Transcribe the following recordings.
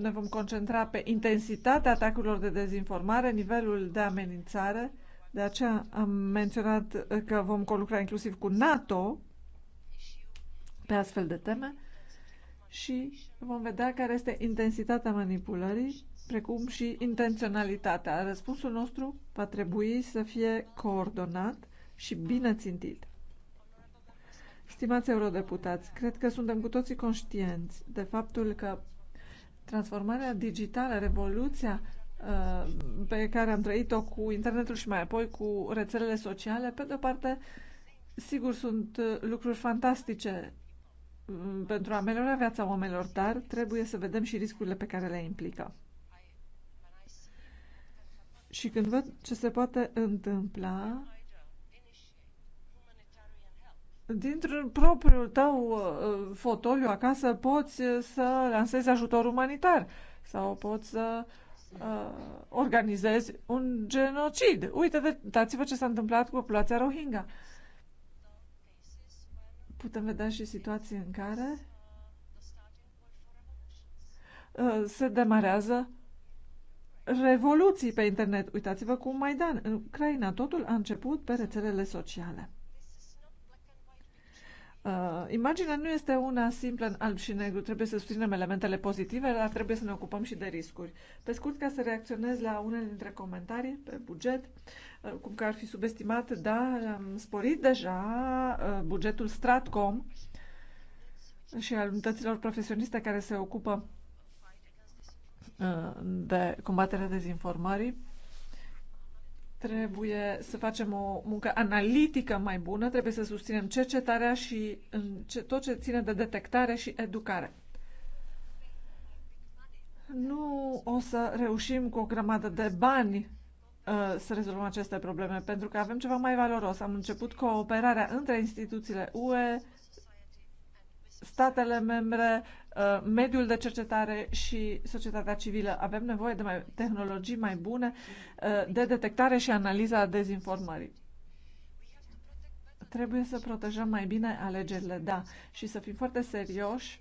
Ne vom concentra pe intensitatea atacurilor de dezinformare, nivelul de amenințare. De aceea am menționat că vom colucra inclusiv cu NATO pe astfel de teme și vom vedea care este intensitatea manipulării, precum și intenționalitatea. Răspunsul nostru va trebui să fie coordonat și bine țintit. Stimați eurodeputați, cred că suntem cu toții conștienți de faptul că transformarea digitală, revoluția uh, pe care am trăit-o cu internetul și mai apoi cu rețelele sociale, pe de-o parte, sigur, sunt uh, lucruri fantastice mm, pentru a ameliora viața oamenilor, dar trebuie să vedem și riscurile pe care le implică. Și când văd ce se poate întâmpla dintr-un propriul tău uh, fotoliu acasă poți uh, să lansezi ajutor umanitar sau poți să uh, organizezi un genocid. Uite, dați-vă ce s-a întâmplat cu populația Rohingya. Putem vedea și situații în care uh, se demarează revoluții pe internet. Uitați-vă cu Maidan. În Ucraina totul a început pe rețelele sociale. Uh, imaginea nu este una simplă în alb și negru. Trebuie să susținem elementele pozitive, dar trebuie să ne ocupăm și de riscuri. Pe scurt, ca să reacționez la unele dintre comentarii pe buget, uh, cum că ar fi subestimat, da, am sporit deja uh, bugetul Stratcom și al unităților profesioniste care se ocupă de combaterea dezinformării Trebuie să facem o muncă analitică mai bună, trebuie să susținem cercetarea și tot ce ține de detectare și educare. Nu o să reușim cu o grămadă de bani uh, să rezolvăm aceste probleme, pentru că avem ceva mai valoros. Am început cooperarea între instituțiile UE, statele membre, uh, mediul de cercetare și societatea civilă. Avem nevoie de mai, tehnologii mai bune uh, de detectare și analiza dezinformării. Trebuie să protejăm mai bine alegerile, da, și să fim foarte serioși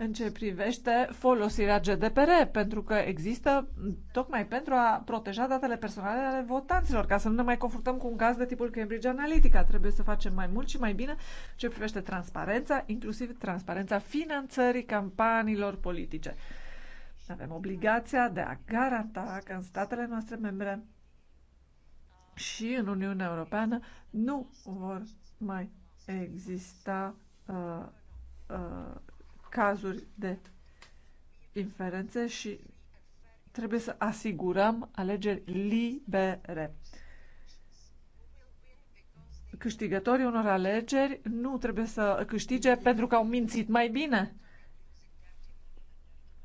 în ce privește folosirea GDPR, pentru că există tocmai pentru a proteja datele personale ale votanților, ca să nu ne mai confruntăm cu un caz de tipul Cambridge Analytica. Trebuie să facem mai mult și mai bine ce privește transparența, inclusiv transparența finanțării campaniilor politice. Avem obligația de a garanta că în statele noastre membre și în Uniunea Europeană nu vor mai exista uh, uh, cazuri de inferențe și trebuie să asigurăm alegeri libere. Câștigătorii unor alegeri nu trebuie să câștige pentru că au mințit mai bine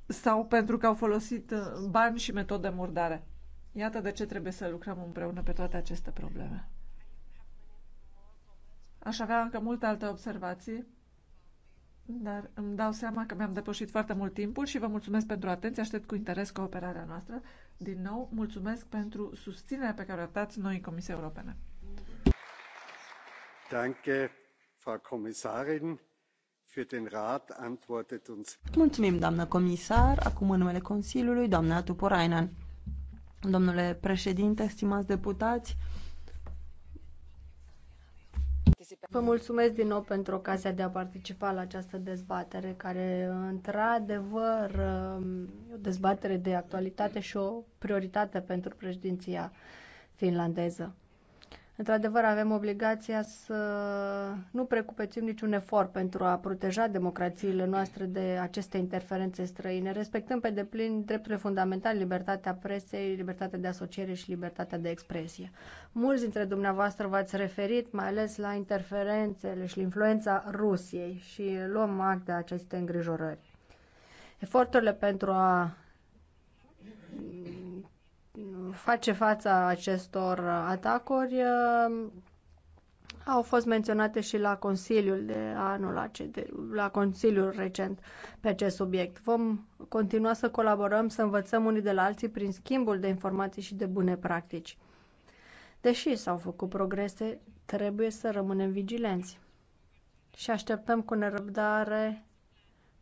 sau pentru că au folosit uh, bani și metode murdare. Iată de ce trebuie să lucrăm împreună pe toate aceste probleme. Aș avea încă multe alte observații dar îmi dau seama că mi-am depășit foarte mult timpul și vă mulțumesc pentru atenție. Aștept cu interes cooperarea noastră. Din nou, mulțumesc pentru susținerea pe care o dați noi în Comisia Europeană. Danke, Frau Kommissarin. Für den Rat antwortet uns. Mulțumim, doamnă comisar. Acum în numele Consiliului, doamna Tuporainen. Domnule președinte, stimați deputați, Vă mulțumesc din nou pentru ocazia de a participa la această dezbatere, care într-adevăr um, o dezbatere de actualitate și o prioritate pentru președinția finlandeză. Într-adevăr, avem obligația să nu precupețim niciun efort pentru a proteja democrațiile noastre de aceste interferențe străine. Respectăm pe deplin drepturile fundamentale, libertatea presei, libertatea de asociere și libertatea de expresie. Mulți dintre dumneavoastră v-ați referit mai ales la interferențele și influența Rusiei și luăm act de aceste îngrijorări. Eforturile pentru a face fața acestor atacuri uh, au fost menționate și la Consiliul de anul acesta, la Consiliul recent pe acest subiect. Vom continua să colaborăm, să învățăm unii de la alții prin schimbul de informații și de bune practici. Deși s-au făcut progrese, trebuie să rămânem vigilenți și așteptăm cu nerăbdare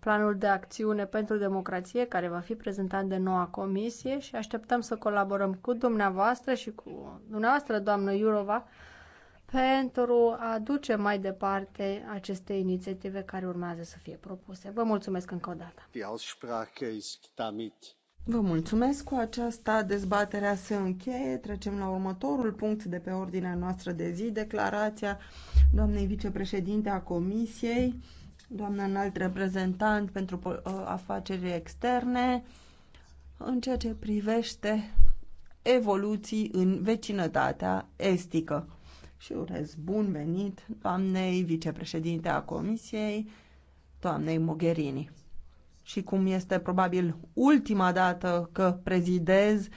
planul de acțiune pentru democrație care va fi prezentat de noua comisie și așteptăm să colaborăm cu dumneavoastră și cu dumneavoastră, doamnă Iurova, pentru a duce mai departe aceste inițiative care urmează să fie propuse. Vă mulțumesc încă o dată. Vă mulțumesc. Cu aceasta dezbaterea se încheie. Trecem la următorul punct de pe ordinea noastră de zi, declarația doamnei vicepreședinte a Comisiei doamna înalt reprezentant pentru ă, afaceri externe, în ceea ce privește evoluții în vecinătatea estică. Și urez bun venit doamnei vicepreședinte a Comisiei, doamnei Mogherini. Și cum este probabil ultima dată că prezidez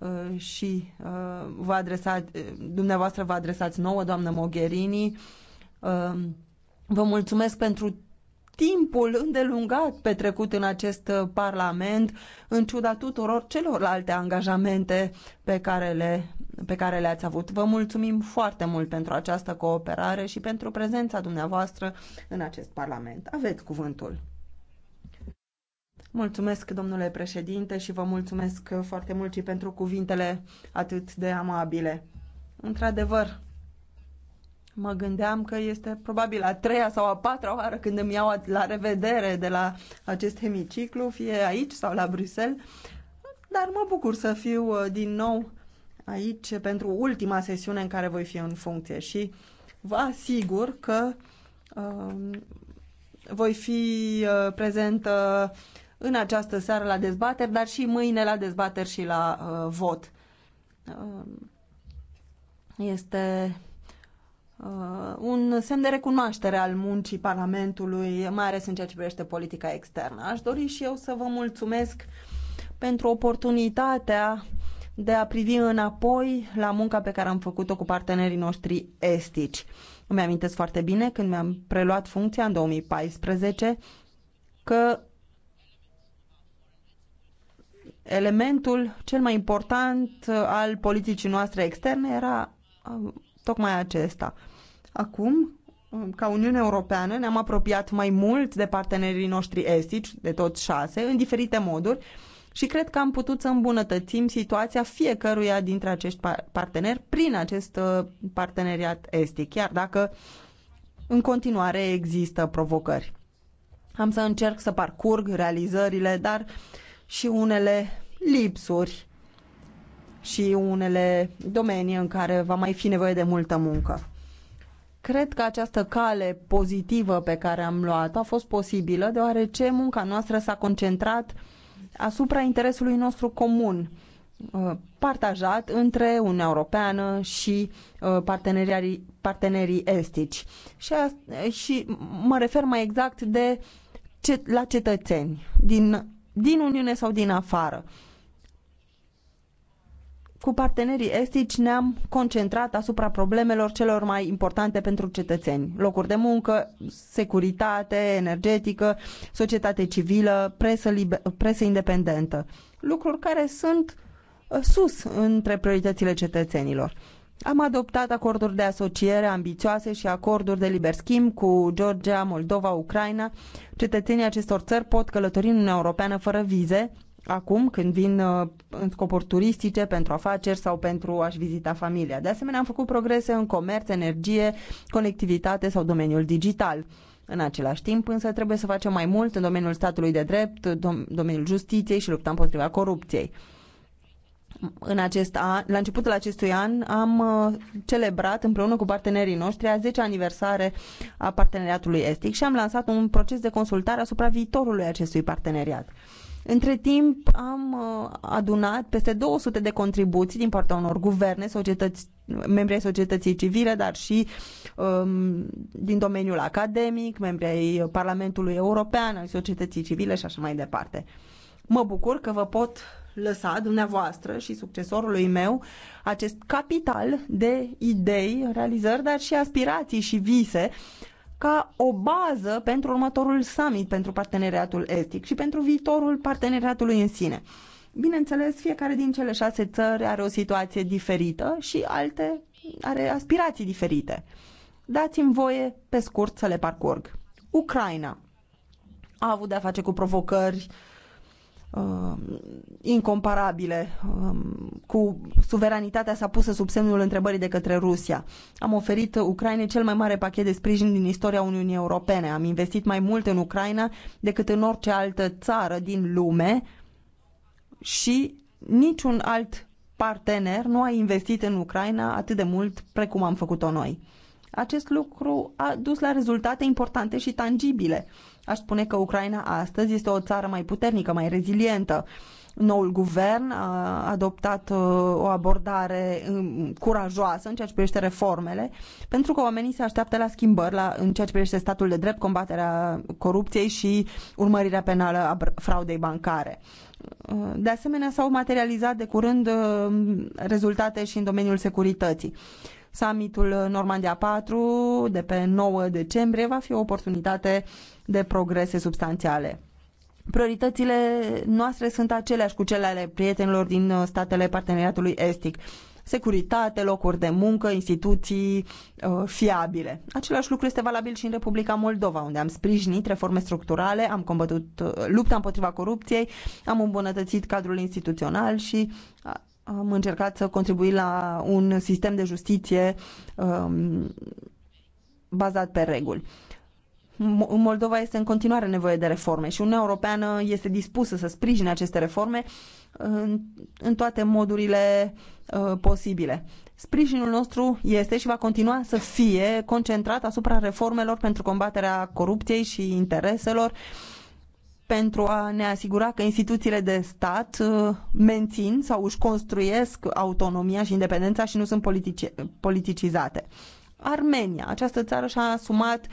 ă, și ă, vă adresați, dumneavoastră vă adresați nouă, doamnă Mogherini, vă mulțumesc pentru timpul îndelungat petrecut în acest uh, Parlament, în ciuda tuturor celorlalte angajamente pe care, le, pe care le-ați avut. Vă mulțumim foarte mult pentru această cooperare și pentru prezența dumneavoastră în acest Parlament. Aveți cuvântul. Mulțumesc, domnule președinte, și vă mulțumesc uh, foarte mult și pentru cuvintele atât de amabile. Într-adevăr, Mă gândeam că este probabil a treia sau a patra oară când îmi iau la revedere de la acest hemiciclu, fie aici sau la Bruxelles, dar mă bucur să fiu uh, din nou aici pentru ultima sesiune în care voi fi în funcție și vă asigur că um, voi fi uh, prezentă în această seară la dezbateri, dar și mâine la dezbateri și la uh, vot. Uh, este uh, un semn de recunoaștere al muncii Parlamentului, mai ales în ceea ce privește politica externă. Aș dori și eu să vă mulțumesc pentru oportunitatea de a privi înapoi la munca pe care am făcut-o cu partenerii noștri estici. Îmi amintesc foarte bine când mi-am preluat funcția în 2014 că elementul cel mai important al politicii noastre externe era uh, tocmai acesta. Acum, um, ca Uniune Europeană, ne-am apropiat mai mult de partenerii noștri estici, de toți șase, în diferite moduri și cred că am putut să îmbunătățim situația fiecăruia dintre acești parteneri prin acest uh, parteneriat estic, chiar dacă în continuare există provocări. Am să încerc să parcurg realizările, dar și unele lipsuri și unele domenii în care va mai fi nevoie de multă muncă. Cred că această cale pozitivă pe care am luat-o a fost posibilă deoarece munca noastră s-a concentrat asupra interesului nostru comun, uh, partajat între Uniunea Europeană și uh, partenerii, partenerii estici. Și, a, și mă refer mai exact de, la cetățeni din, din Uniune sau din afară cu partenerii estici ne-am concentrat asupra problemelor celor mai importante pentru cetățeni. Locuri de muncă, securitate energetică, societate civilă, presă, liber, presă independentă. Lucruri care sunt uh, sus între prioritățile cetățenilor. Am adoptat acorduri de asociere ambițioase și acorduri de liber schimb cu Georgia, Moldova, Ucraina. Cetățenii acestor țări pot călători în Uniunea Europeană fără vize acum când vin uh, în scopuri turistice, pentru afaceri sau pentru a-și vizita familia. De asemenea, am făcut progrese în comerț, energie, conectivitate sau domeniul digital. În același timp, însă, trebuie să facem mai mult în domeniul statului de drept, dom- domeniul justiției și lupta împotriva corupției. În acest an, la începutul acestui an am uh, celebrat împreună cu partenerii noștri a 10 aniversare a parteneriatului estic și am lansat un proces de consultare asupra viitorului acestui parteneriat. Între timp am uh, adunat peste 200 de contribuții din partea unor guverne, societăți, membri ai societății civile, dar și um, din domeniul academic, membri ai Parlamentului European, ai societății civile și așa mai departe. Mă bucur că vă pot lăsa dumneavoastră și succesorului meu acest capital de idei, realizări, dar și aspirații și vise ca o bază pentru următorul summit pentru parteneriatul estic și pentru viitorul parteneriatului în sine. Bineînțeles, fiecare din cele șase țări are o situație diferită și alte are aspirații diferite. Dați-mi voie, pe scurt, să le parcurg. Ucraina a avut de-a face cu provocări uh, uh, incomparabile. Uh, cu suveranitatea s-a pusă sub semnul întrebării de către Rusia. Am oferit Ucrainei cel mai mare pachet de sprijin din istoria Uniunii Europene. Am investit mai mult în Ucraina decât în orice altă țară din lume și niciun alt partener nu a investit în Ucraina atât de mult precum am făcut-o noi. Acest lucru a dus la rezultate importante și tangibile. Aș spune că Ucraina astăzi este o țară mai puternică, mai rezilientă. Noul guvern a adoptat uh, o abordare um, curajoasă în ceea ce privește reformele, pentru că oamenii se așteaptă la schimbări la, în ceea ce privește statul de drept, combaterea corupției și urmărirea penală a fraudei bancare. Uh, de asemenea, s-au materializat de curând uh, rezultate și în domeniul securității. Summitul Normandia 4 de pe 9 decembrie va fi o oportunitate de progrese substanțiale. Prioritățile noastre sunt aceleași cu cele ale prietenilor din uh, statele parteneriatului estic securitate, locuri de muncă, instituții uh, fiabile. Același lucru este valabil și în Republica Moldova, unde am sprijinit reforme structurale, am combătut uh, lupta împotriva corupției, am îmbunătățit cadrul instituțional și uh, am încercat să contribui la un sistem de justiție um, bazat pe reguli. În Moldova este în continuare nevoie de reforme și Uniunea Europeană este dispusă să sprijine aceste reforme în, în toate modurile uh, posibile. Sprijinul nostru este și va continua să fie concentrat asupra reformelor pentru combaterea corupției și intereselor uh, pentru a ne asigura că instituțiile de stat uh, mențin sau își construiesc autonomia și independența și nu sunt politici, politicizate. Armenia, această țară și-a asumat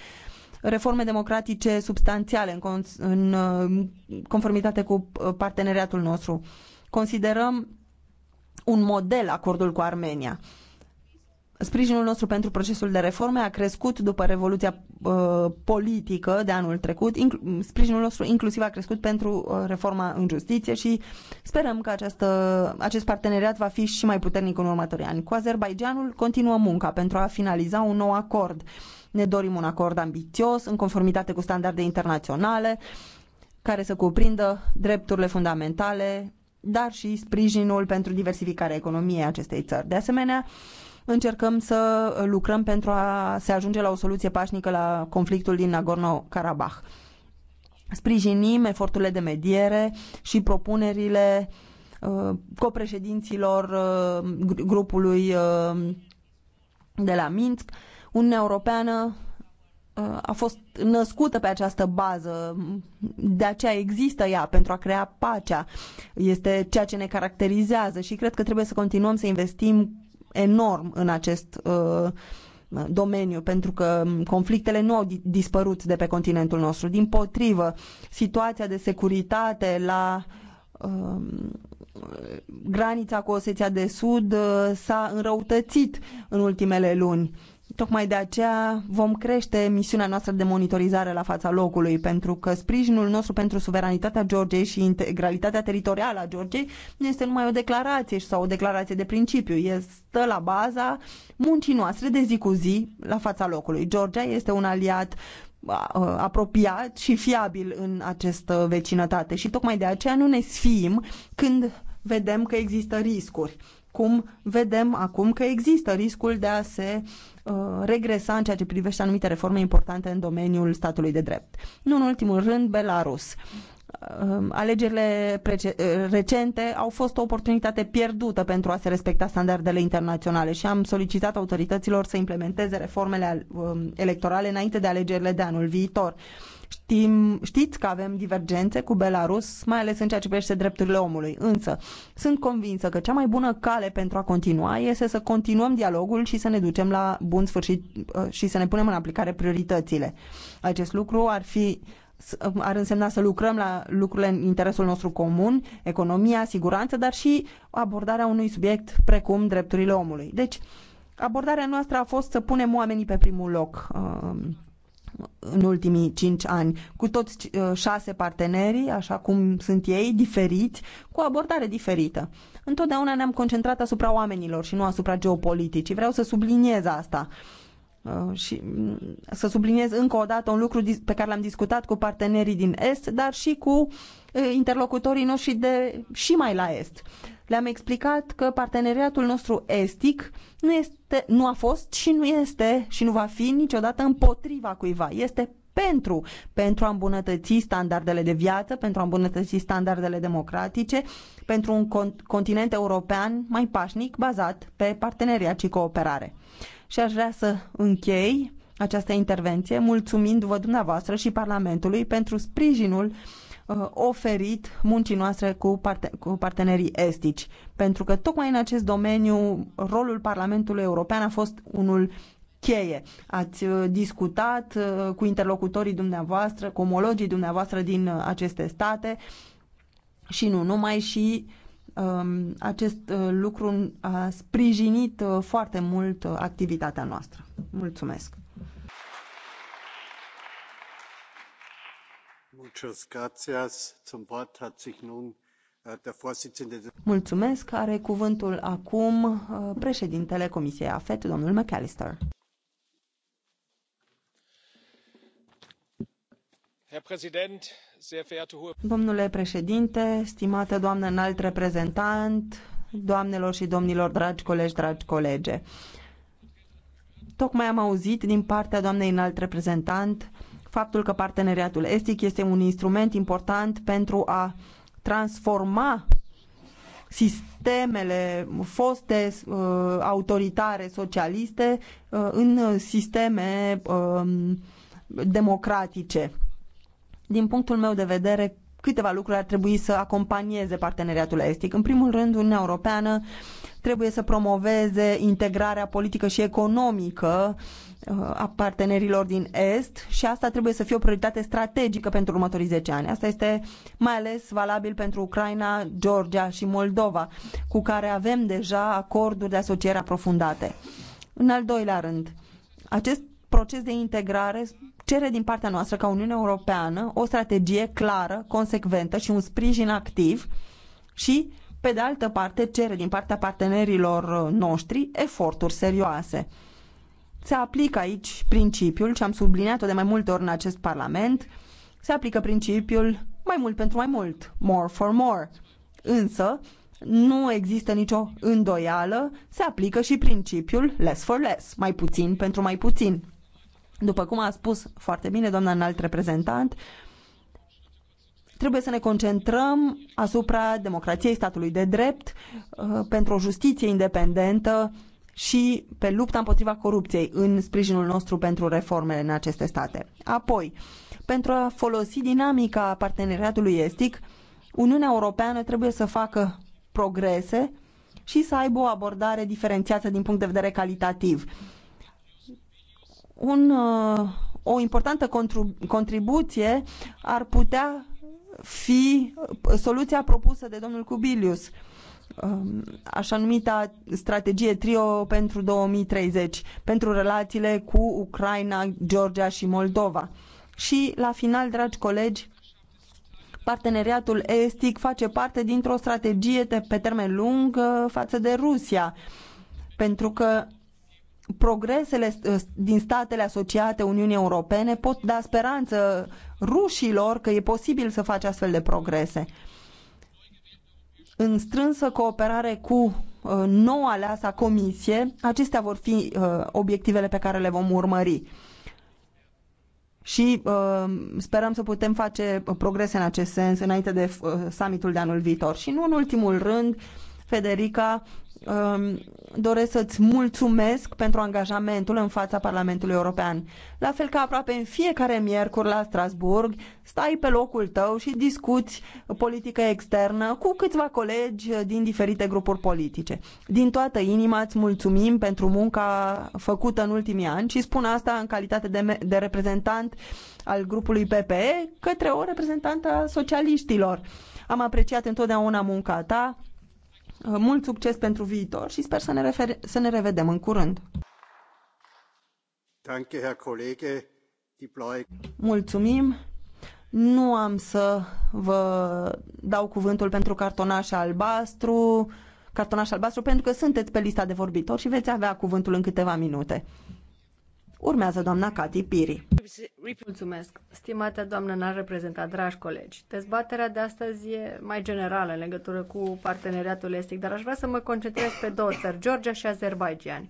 reforme democratice substanțiale în, în uh, conformitate cu uh, parteneriatul nostru. Considerăm un model acordul cu Armenia. Sprijinul nostru pentru procesul de reforme a crescut după Revoluția uh, politică de anul trecut. Inclu- sprijinul nostru inclusiv a crescut pentru uh, reforma în justiție și sperăm că această, acest parteneriat va fi și mai puternic în următorii ani. Cu Azerbaijanul continuă munca pentru a finaliza un nou acord. Ne dorim un acord ambițios, în conformitate cu standarde internaționale, care să cuprindă drepturile fundamentale, dar și sprijinul pentru diversificarea economiei acestei țări. De asemenea, încercăm să lucrăm pentru a se ajunge la o soluție pașnică la conflictul din Nagorno-Karabakh. Sprijinim eforturile de mediere și propunerile uh, copreședinților uh, grupului uh, de la Minsk. Uniunea Europeană a fost născută pe această bază, de aceea există ea pentru a crea pacea. Este ceea ce ne caracterizează și cred că trebuie să continuăm să investim enorm în acest uh, domeniu, pentru că um, conflictele nu au dispărut de pe continentul nostru. Din potrivă, situația de securitate la um, granița cu Oseția de Sud uh, s-a înrăutățit în ultimele luni. Tocmai de aceea vom crește misiunea noastră de monitorizare la fața locului, pentru că sprijinul nostru pentru suveranitatea Georgiei și integralitatea teritorială a Georgiei nu este numai o declarație sau o declarație de principiu, este la baza muncii noastre de zi cu zi la fața locului. Georgia este un aliat apropiat și fiabil în această vecinătate și tocmai de aceea nu ne sfim când vedem că există riscuri cum vedem acum că există riscul de a se uh, regresa în ceea ce privește anumite reforme importante în domeniul statului de drept. Nu în ultimul rând, Belarus. Uh, alegerile uh, recente au fost o oportunitate pierdută pentru a se respecta standardele internaționale și am solicitat autorităților să implementeze reformele um, electorale înainte de alegerile de anul viitor. Știm, știți că avem divergențe cu Belarus, mai ales în ceea ce privește drepturile omului. Însă, sunt convinsă că cea mai bună cale pentru a continua este să continuăm dialogul și să ne ducem la bun sfârșit uh, și să ne punem în aplicare prioritățile. Acest lucru ar fi um, ar însemna să lucrăm la lucrurile în interesul nostru comun, economia, siguranță, dar și abordarea unui subiect precum drepturile omului. Deci, abordarea noastră a fost să punem oamenii pe primul loc. Uh, în ultimii cinci ani, cu toți uh, șase partenerii, așa cum sunt ei, diferiți, cu o abordare diferită. Întotdeauna ne-am concentrat asupra oamenilor și nu asupra geopoliticii. Vreau să subliniez asta uh, și mm, să subliniez încă o dată un lucru pe care l-am discutat cu partenerii din Est, dar și cu uh, interlocutorii noștri de și mai la Est. Le-am explicat că parteneriatul nostru estic nu, este, nu a fost și nu este și nu va fi niciodată împotriva cuiva. Este pentru, pentru a îmbunătăți standardele de viață, pentru a îmbunătăți standardele democratice, pentru un continent european mai pașnic bazat pe parteneriat și cooperare. Și aș vrea să închei această intervenție mulțumindu-vă dumneavoastră și Parlamentului pentru sprijinul Uh, oferit muncii noastre cu, parte, cu partenerii estici. Pentru că tocmai în acest domeniu rolul Parlamentului European a fost unul cheie. Ați uh, discutat uh, cu interlocutorii dumneavoastră, cu omologii dumneavoastră din aceste state și nu numai și um, acest lucru a sprijinit foarte mult activitatea noastră. Mulțumesc! Äh, Mulțumesc. Are cuvântul acum uh, președintele Comisiei AFET, domnul McAllister. Domnule președinte, stimată doamnă înalt reprezentant, doamnelor și domnilor, dragi colegi, dragi colege. Tocmai am auzit din partea doamnei înalt reprezentant faptul că parteneriatul estic este un instrument important pentru a transforma sistemele foste uh, autoritare socialiste uh, în sisteme uh, democratice. Din punctul meu de vedere, câteva lucruri ar trebui să acompanieze parteneriatul estic. În primul rând, Uniunea Europeană trebuie să promoveze integrarea politică și economică uh, a partenerilor din Est și asta trebuie să fie o prioritate strategică pentru următorii 10 ani. Asta este mai ales valabil pentru Ucraina, Georgia și Moldova, cu care avem deja acorduri de asociere aprofundate. În al doilea rând, acest proces de integrare cere din partea noastră ca Uniunea Europeană o strategie clară, consecventă și un sprijin activ și, pe de altă parte, cere din partea partenerilor noștri eforturi serioase. Se aplică aici principiul, ce am subliniat-o de mai multe ori în acest Parlament, se aplică principiul mai mult pentru mai mult, more for more. Însă, nu există nicio îndoială, se aplică și principiul less for less, mai puțin pentru mai puțin. După cum a spus foarte bine doamna înalt reprezentant, trebuie să ne concentrăm asupra democrației statului de drept uh, pentru o justiție independentă și pe lupta împotriva corupției în sprijinul nostru pentru reformele în aceste state. Apoi, pentru a folosi dinamica parteneriatului estic, Uniunea Europeană trebuie să facă progrese și să aibă o abordare diferențiată din punct de vedere calitativ un, uh, o importantă contribuție ar putea fi soluția propusă de domnul Cubilius, um, așa numita strategie trio pentru 2030, pentru relațiile cu Ucraina, Georgia și Moldova. Și la final, dragi colegi, parteneriatul estic face parte dintr-o strategie de, pe termen lung uh, față de Rusia, pentru că progresele din statele asociate Uniunii Europene pot da speranță rușilor că e posibil să faci astfel de progrese. În strânsă cooperare cu uh, noua aleasa comisie, acestea vor fi uh, obiectivele pe care le vom urmări. Și uh, sperăm să putem face progrese în acest sens înainte de summitul de anul viitor. Și nu în ultimul rând, Federica, um, doresc să-ți mulțumesc pentru angajamentul în fața Parlamentului European. La fel ca aproape în fiecare miercuri la Strasburg, stai pe locul tău și discuți politică externă cu câțiva colegi din diferite grupuri politice. Din toată inima îți mulțumim pentru munca făcută în ultimii ani și spun asta în calitate de, de reprezentant al grupului PPE către o reprezentantă a socialiștilor. Am apreciat întotdeauna munca ta, Uh, mult succes pentru viitor și sper să ne, refer- să ne revedem în curând. Danke, Herr Kollege. Mulțumim. Nu am să vă dau cuvântul pentru cartonaș albastru, cartonaș albastru pentru că sunteți pe lista de vorbitori și veți avea cuvântul în câteva minute. Urmează doamna Cati Piri. Mulțumesc. Stimată doamnă n-a reprezentat, dragi colegi, dezbaterea de astăzi e mai generală în legătură cu parteneriatul estic, dar aș vrea să mă concentrez pe două țări, Georgia și Azerbaijan.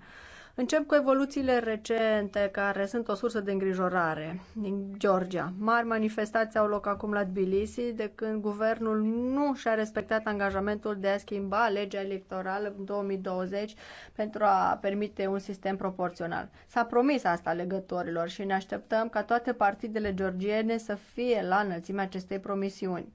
Încep cu evoluțiile recente care sunt o sursă de îngrijorare din Georgia. Mari manifestații au loc acum la Tbilisi de când guvernul nu și-a respectat angajamentul de a schimba legea electorală în 2020 pentru a permite un sistem proporțional. S-a promis asta legătorilor și ne așteptăm ca toate partidele georgiene să fie la înălțimea acestei promisiuni.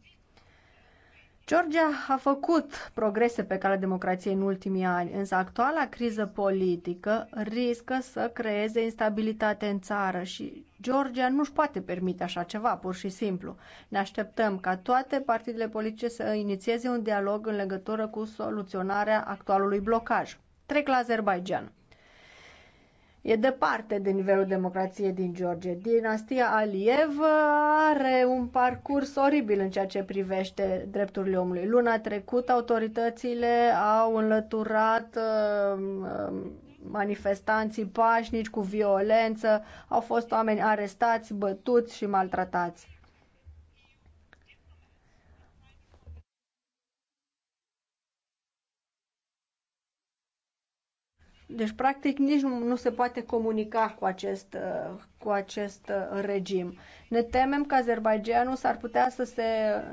Georgia a făcut progrese pe calea democrației în ultimii ani, însă actuala criză politică riscă să creeze instabilitate în țară și Georgia nu-și poate permite așa ceva, pur și simplu. Ne așteptăm ca toate partidele politice să inițieze un dialog în legătură cu soluționarea actualului blocaj. Trec la Azerbaijan e departe de nivelul democrației din Georgia. Dinastia Aliev are un parcurs oribil în ceea ce privește drepturile omului. Luna trecută, autoritățile au înlăturat um, um, manifestanții pașnici cu violență, au fost oameni arestați, bătuți și maltratați. Deci, practic, nici nu, nu se poate comunica cu acest, uh, cu acest uh, regim. Ne temem că Azerbaijanul s-ar putea să se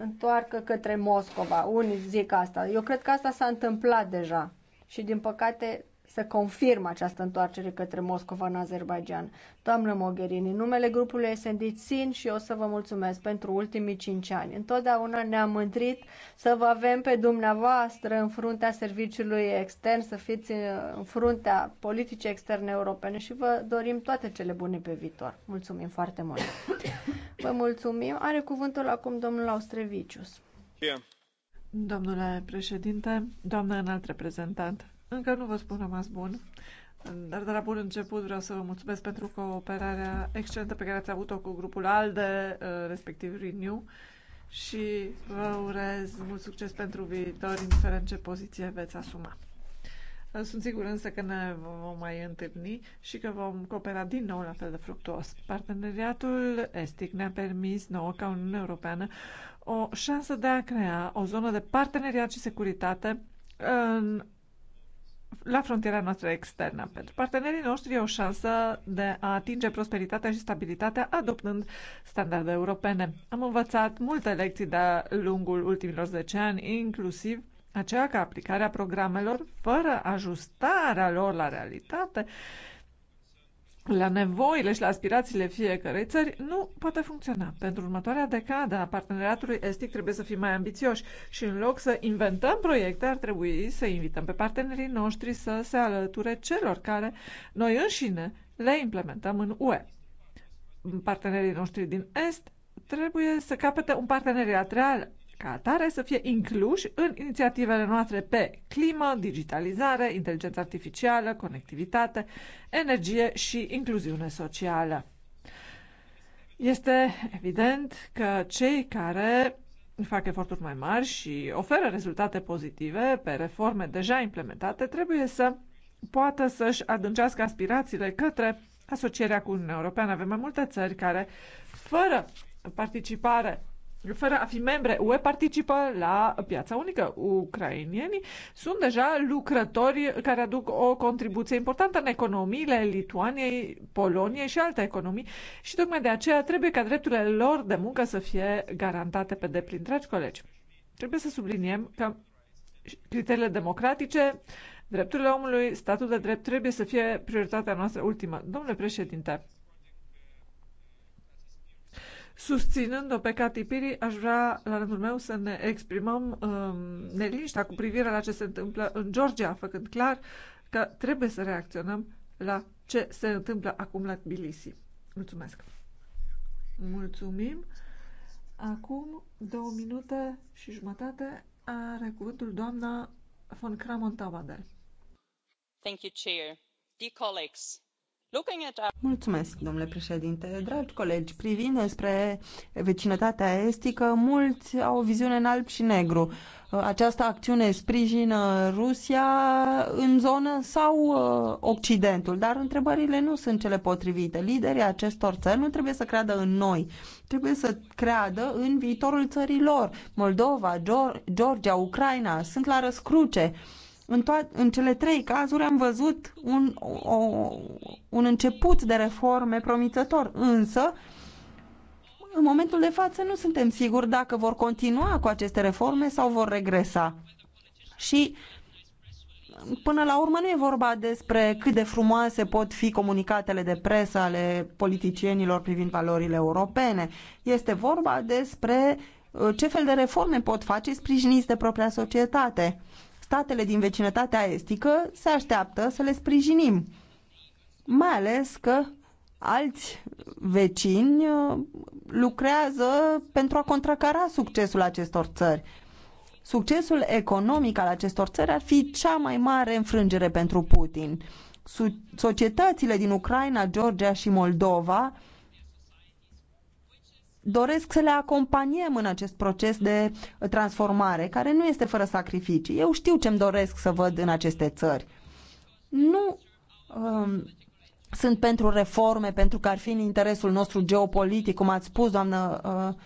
întoarcă către Moscova. Unii zic asta. Eu cred că asta s-a întâmplat deja. Și, din păcate, să confirmă această întoarcere către Moscova în Azerbaijan. Doamnă Mogherini, numele grupului SND țin și eu să vă mulțumesc pentru ultimii cinci ani. Întotdeauna ne-am mândrit să vă avem pe dumneavoastră în fruntea serviciului extern, să fiți uh, în fruntea politicii externe europene și vă dorim toate cele bune pe viitor. Mulțumim foarte mult! Vă mulțumim. Are cuvântul acum domnul Austrevicius. Yeah. Domnule președinte, doamnă înalt reprezentant, încă nu vă spun rămas bun, dar de la bun început vreau să vă mulțumesc pentru cooperarea excelentă pe care ați avut-o cu grupul ALDE, uh, respectiv Renew, și vă urez mult succes pentru viitor, indiferent ce poziție veți asuma. Uh, sunt sigur însă că ne vom mai întâlni și că vom coopera din nou la fel de fructuos. Parteneriatul estic ne-a permis nouă ca Uniunea Europeană o șansă de a crea o zonă de parteneriat și securitate în la frontiera noastră externă. Pentru partenerii noștri e o șansă de a atinge prosperitatea și stabilitatea adoptând standarde europene. Am învățat multe lecții de-a lungul ultimilor 10 ani, inclusiv aceea că aplicarea programelor fără ajustarea lor la realitate la nevoile și la aspirațiile fiecărei țări nu poate funcționa. Pentru următoarea decadă a parteneriatului estic trebuie să fim mai ambițioși și în loc să inventăm proiecte, ar trebui să invităm pe partenerii noștri să se alăture celor care noi înșine le implementăm în UE. Partenerii noștri din Est trebuie să capete un parteneriat real ca atare să fie incluși în inițiativele noastre pe climă, digitalizare, inteligență artificială, conectivitate, energie și incluziune socială. Este evident că cei care fac eforturi mai mari și oferă rezultate pozitive pe reforme deja implementate trebuie să poată să-și adâncească aspirațiile către asocierea cu Uniunea Europeană. Avem mai multe țări care, fără participare fără a fi membre UE, participă la piața unică. Ucrainienii sunt deja lucrători care aduc o contribuție importantă în economiile Lituaniei, Poloniei și alte economii și tocmai de aceea trebuie ca drepturile lor de muncă să fie garantate pe deplin. Dragi colegi, trebuie să subliniem că criteriile democratice, drepturile omului, statul de drept trebuie să fie prioritatea noastră ultimă. Domnule președinte, Susținând-o pe Cati Piri, aș vrea, la rândul meu, să ne exprimăm um, neliniștea cu privire la ce se întâmplă în Georgia, făcând clar că trebuie să reacționăm la ce se întâmplă acum la Tbilisi. Mulțumesc! Mulțumim! Acum două minute și jumătate are cuvântul doamna von Cramon Tabadel. Thank you, Chair. Dear colleagues, Mulțumesc, domnule președinte. Dragi colegi, privind spre vecinătatea estică, mulți au o viziune în alb și negru. Această acțiune sprijină Rusia în zonă sau uh, Occidentul, dar întrebările nu sunt cele potrivite. Liderii acestor țări nu trebuie să creadă în noi, trebuie să creadă în viitorul țărilor. Moldova, Georgia, Ucraina sunt la răscruce în, în cele trei cazuri am văzut un, o, un început de reforme promițător, însă în momentul de față nu suntem siguri dacă vor continua cu aceste reforme sau vor regresa. Și până la urmă nu e vorba despre cât de frumoase pot fi comunicatele de presă ale politicienilor privind valorile europene. Este vorba despre uh, ce fel de reforme pot face sprijiniți de propria societate statele din vecinătatea estică se așteaptă să le sprijinim. Mai ales că alți vecini uh, lucrează pentru a contracara succesul acestor țări. Succesul economic al acestor țări ar fi cea mai mare înfrângere pentru Putin. Societățile din Ucraina, Georgia și Moldova doresc să le acompaniem în acest proces de transformare, care nu este fără sacrificii. Eu știu ce-mi doresc să văd în aceste țări. Nu um, sunt pentru reforme, pentru că ar fi în interesul nostru geopolitic, cum ați spus, doamnă uh,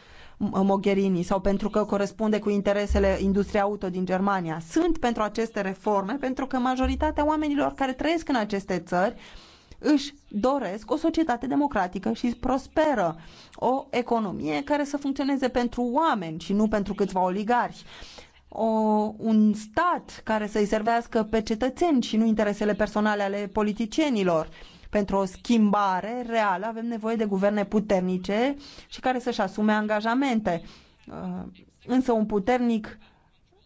Mogherini, sau pentru că corespunde cu interesele industriei auto din Germania. Sunt pentru aceste reforme, pentru că majoritatea oamenilor care trăiesc în aceste țări își doresc o societate democratică și prosperă, o economie care să funcționeze pentru oameni și nu pentru câțiva oligarhi, o, un stat care să-i servească pe cetățeni și nu interesele personale ale politicienilor. Pentru o schimbare reală avem nevoie de guverne puternice și care să-și asume angajamente. Uh, însă un puternic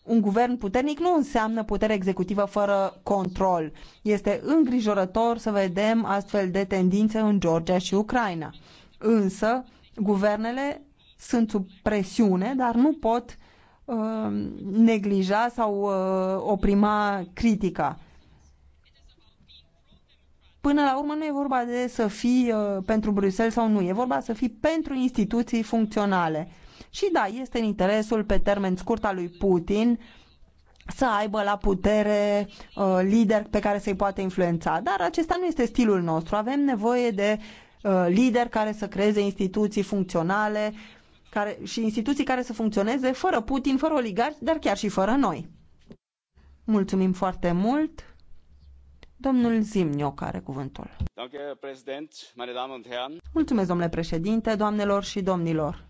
un guvern puternic nu înseamnă putere executivă fără control. Este îngrijorător să vedem astfel de tendințe în Georgia și Ucraina. Însă, guvernele sunt sub presiune, dar nu pot uh, neglija sau uh, oprima critica. Până la urmă nu e vorba de să fii uh, pentru Bruxelles sau nu, e vorba să fii pentru instituții funcționale și da, este în interesul pe termen scurt al lui Putin să aibă la putere uh, lideri pe care să-i poată influența. Dar acesta nu este stilul nostru. Avem nevoie de uh, lideri care să creeze instituții funcționale care, și instituții care să funcționeze fără Putin, fără oligarhi, dar chiar și fără noi. Mulțumim foarte mult. Domnul Zimnioc are cuvântul. Mulțumesc, domnule președinte, doamnelor și domnilor.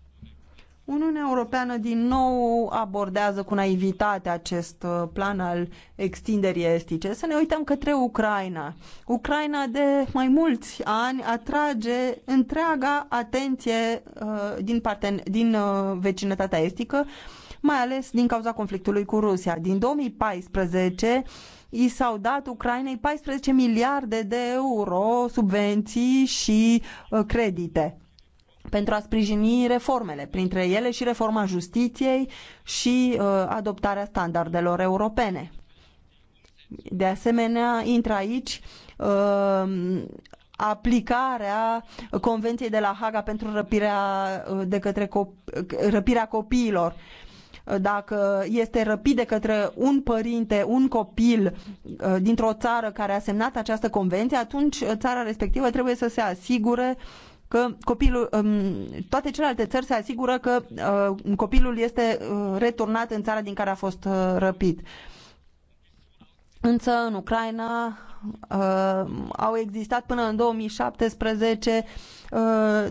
Uniunea Europeană din nou abordează cu naivitate acest uh, plan al extinderii estice. Să ne uităm către Ucraina. Ucraina de mai mulți ani atrage întreaga atenție uh, din, parten- din uh, vecinătatea estică, mai ales din cauza conflictului cu Rusia. Din 2014 i s-au dat Ucrainei 14 miliarde de euro subvenții și uh, credite pentru a sprijini reformele, printre ele și reforma justiției și uh, adoptarea standardelor europene. De asemenea, intră aici uh, aplicarea Convenției de la Haga pentru răpirea, uh, de către cop- răpirea copiilor. Dacă este răpit de către un părinte, un copil uh, dintr-o țară care a semnat această convenție, atunci țara respectivă trebuie să se asigure uh, că copilul, um, toate celelalte țări se asigură că uh, copilul este uh, returnat în țara din care a fost uh, răpit. Însă în Ucraina uh, au existat până în 2017 uh,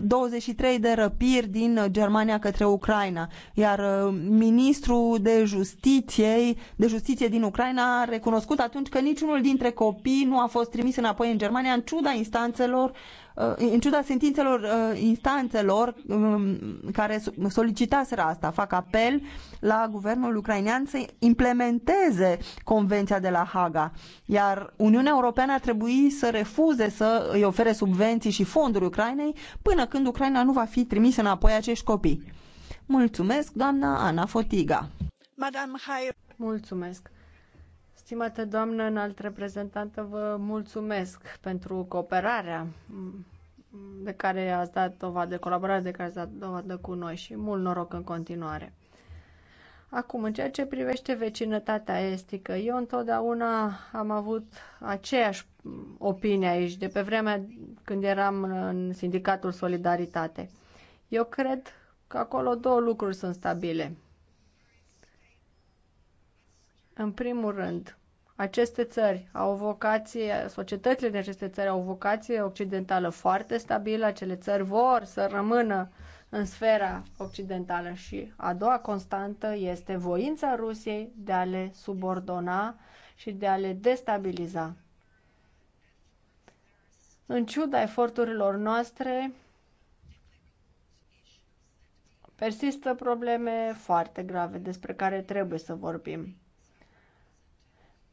23 de răpiri din Germania către Ucraina, iar uh, ministrul de justiție, de justiție din Ucraina a recunoscut atunci că niciunul dintre copii nu a fost trimis înapoi în Germania în ciuda instanțelor Uh, în ciuda sentințelor uh, instanțelor um, care solicitaseră asta, fac apel la guvernul ucrainean să implementeze Convenția de la Haga, iar Uniunea Europeană a trebuit să refuze să îi ofere subvenții și fonduri Ucrainei până când Ucraina nu va fi trimisă înapoi acești copii. Mulțumesc, doamna Ana Fotiga. Madame Mulțumesc. Stimată doamnă înalt reprezentantă, vă mulțumesc pentru cooperarea de care ați dat dovadă, colaborare de care ați dat dovadă cu noi și mult noroc în continuare. Acum, în ceea ce privește vecinătatea estică, eu întotdeauna am avut aceeași opinie aici, de pe vremea când eram în Sindicatul Solidaritate. Eu cred că acolo două lucruri sunt stabile. În primul rând, aceste țări au o vocație, societățile din aceste țări au o vocație occidentală foarte stabilă, acele țări vor să rămână în sfera occidentală și a doua constantă este voința Rusiei de a le subordona și de a le destabiliza. În ciuda eforturilor noastre, persistă probleme foarte grave despre care trebuie să vorbim.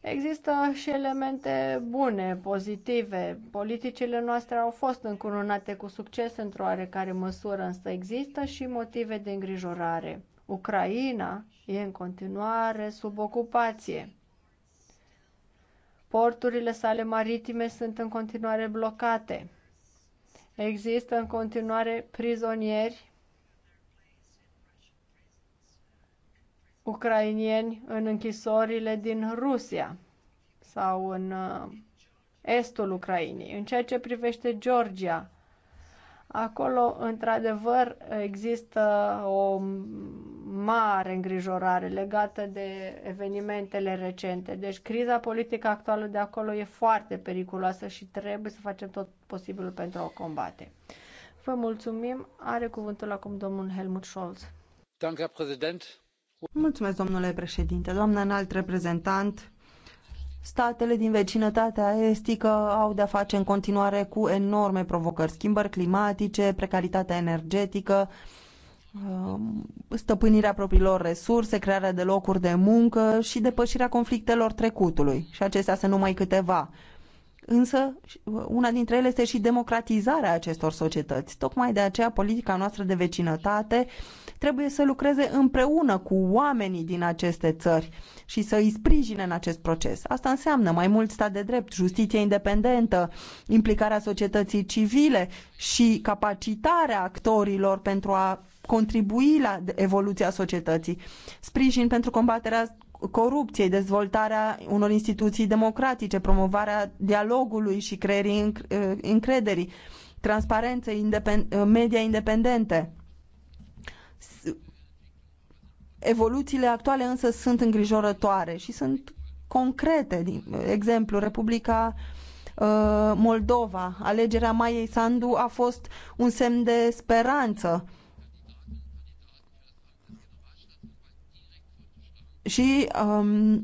Există și elemente bune, pozitive. Politicile noastre au fost încununate cu succes într-o oarecare măsură, însă există și motive de îngrijorare. Ucraina e în continuare sub ocupație. Porturile sale maritime sunt în continuare blocate. Există în continuare prizonieri ucrainieni în închisorile din Rusia sau în uh, estul Ucrainei. În ceea ce privește Georgia, acolo, într-adevăr, există o mare îngrijorare legată de evenimentele recente. Deci criza politică actuală de acolo e foarte periculoasă și trebuie să facem tot posibilul pentru a o combate. Vă mulțumim. Are cuvântul acum domnul Helmut Scholz. Danke, Herr Präsident. Mulțumesc, domnule președinte. Doamna înalt reprezentant, statele din vecinătatea estică au de-a face în continuare cu enorme provocări, schimbări climatice, precaritatea energetică, um, stăpânirea propriilor resurse, crearea de locuri de muncă și depășirea conflictelor trecutului. Și acestea sunt numai câteva însă uh, una dintre ele este și democratizarea acestor societăți. Tocmai de aceea politica noastră de vecinătate trebuie să lucreze împreună cu oamenii din aceste țări și să îi sprijine în acest proces. Asta înseamnă mai mult stat de drept, justiție independentă, implicarea societății civile și capacitarea actorilor pentru a contribui la evoluția societății, sprijin pentru combaterea corupției, dezvoltarea unor instituții democratice, promovarea dialogului și creierii eh, încrederii, transparență, independ- eh, media independente. Evoluțiile actuale însă sunt îngrijorătoare și sunt concrete. exemplu, Republica eh, Moldova, alegerea Maiei Sandu a fost un semn de speranță și um,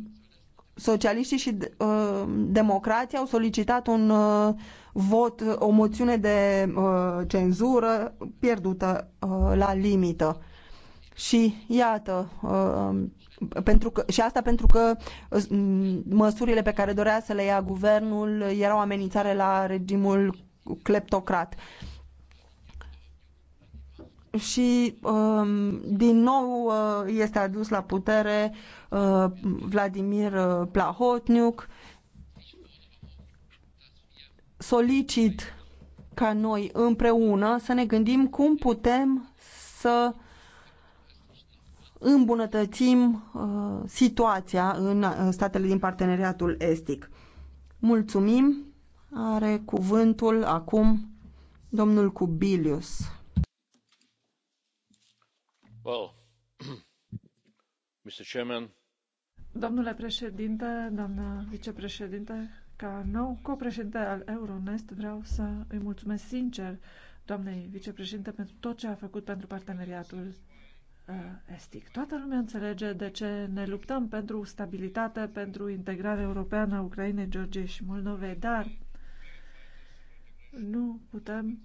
socialiștii și um, democrații au solicitat un uh, vot, o moțiune de uh, cenzură pierdută uh, la limită. Și iată, uh, pentru că, și asta pentru că uh, măsurile pe care dorea să le ia guvernul erau amenințare la regimul cleptocrat. Uh, și um, din nou uh, este adus la putere uh, Vladimir uh, Plahotniuc. Solicit ca noi împreună să ne gândim cum putem să îmbunătățim uh, situația în statele din parteneriatul estic. Mulțumim. Are cuvântul acum domnul Cubilius. domnule președinte doamnă vicepreședintă ca nou copreședinte al euronest vreau să îi mulțumesc sincer doamnei vicepreședinte pentru tot ce a făcut pentru parteneriatul uh, estic. Toată lumea înțelege de ce ne luptăm pentru stabilitate, pentru integrare europeană a Ucrainei, Georgiei și Moldovei, dar nu putem